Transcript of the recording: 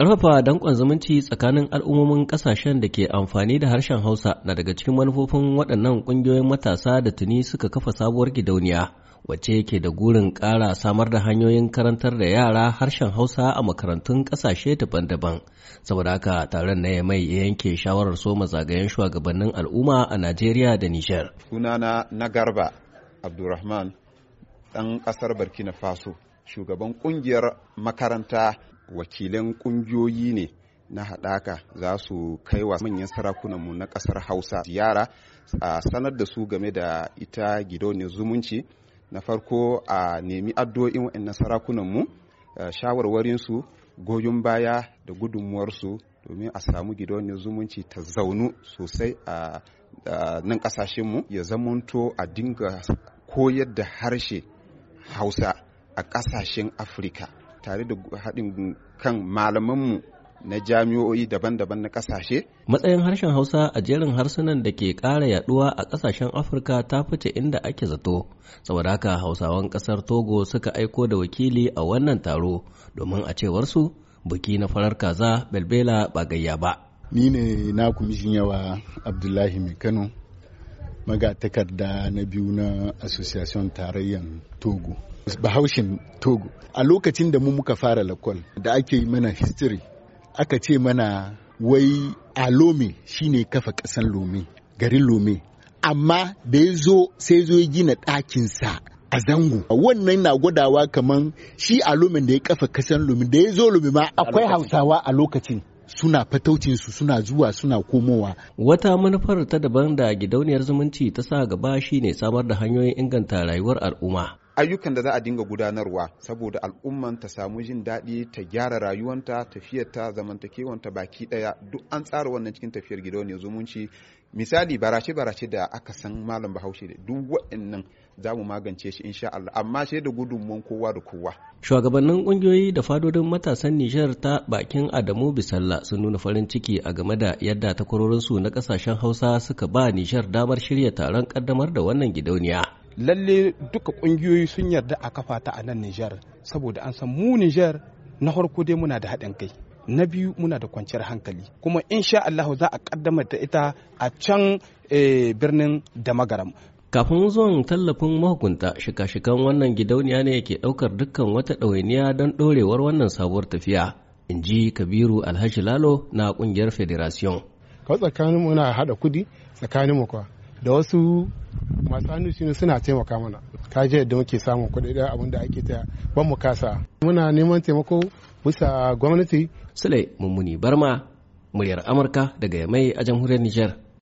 Ƙarfafa danƙon zumunci tsakanin al'ummomin ƙasashen da ke amfani da harshen Hausa na daga cikin manufofin waɗannan ƙungiyoyin matasa da tuni suka kafa sabuwar gidauniya wacce ke da gurin ƙara samar da hanyoyin karantar da yara harshen Hausa a makarantun ƙasashe daban-daban. Saboda haka taron na mai yanke shawarar so zagayen shugabannin al'umma a Najeriya da Nijar. Sunana na Garba Abdulrahman ɗan ƙasar Burkina Faso, shugaban ƙungiyar makaranta wakilan kungiyoyi ne na haɗaka za su kai wa manyan sarakunanmu na ƙasar hausa ziyara a sanar da su game da ita gidauniyar zumunci na farko a nemi addu'o'in waɗannan sarakunanmu shawarwarinsu goyon baya da gudunmuwarsu domin a samu gidauniyar zumunci ta zaunu sosai a nan ƙasashenmu ya zamanto a dinga koyar da harshe hausa a ƙasashen afirka tare da haɗin kan malamanmu na jami'o'i daban-daban na ƙasashe. Matsayin harshen Hausa a jerin harsunan da ke ƙara yaɗuwa a ƙasashen Afirka ta fice inda ake zato, saboda haka Hausawan ƙasar Togo suka aiko da wakili a wannan taro domin a cewarsu buki na farar kaza belbela ba gayya ba. Ni ne na kumishin yawa Abdullahi Mai Kano. magatakarda na biyu na association tarayyan togo bahaushin togo a lokacin da mu muka fara lakwal da ake yi mana history aka ce mana wai a lome shine kafa kasan lome garin lome amma da ya zo sai zo ya gina ɗakinsa a zango wannan na gwadawa kaman shi a lomin da ya kafa kasan lomin da ya zo lomi ma akwai hausawa a lokacin suna fataucinsu suna zuwa suna komowa. Wata manufar ta daban da gidauniyar zumunci ta sa gaba shine samar da hanyoyin inganta rayuwar al'umma ayyukan da za a dinga gudanarwa saboda al'umman ta samu jin daɗi ta gyara rayuwanta tafiyarta zamantakewanta baki ɗaya duk an tsara wannan cikin tafiyar gidauniyar zumunci misali barace barace da aka san malam bahaushe da duk waɗannan za mu magance shi insha Allah amma shi da gudunmuwan kowa da kowa shugabannin ƙungiyoyi da fadodin matasan Nijar ta bakin Adamu Bisalla sun nuna farin ciki a game da yadda takwarorinsu na kasashen Hausa suka ba Nijar damar shirya taron kaddamar da wannan gidauniya lalle duka kungiyoyi sun yarda a kafa ta a nan Nijar saboda an san mu Nijar na farko dai muna da haɗin kai na biyu muna da kwanciyar hankali kuma in sha Allah za a kaddamar da ita a can eh, birnin Damagaram kafin zuwan tallafin mahukunta shika-shikan wannan gidauniya ne yake ɗaukar dukkan wata ɗawainiya don ɗorewar wannan sabuwar tafiya in ji kabiru alhaji lalo na ƙungiyar federation kawai tsakanin muna haɗa kudi tsakanin kwa da wasu masu hannu shine suna taimaka mana ka je yadda muke samun kuɗi abin da ake ta ban mu kasa muna neman taimako bisa gwamnati sule mummuni barma muryar amurka daga mai a jamhuriyar niger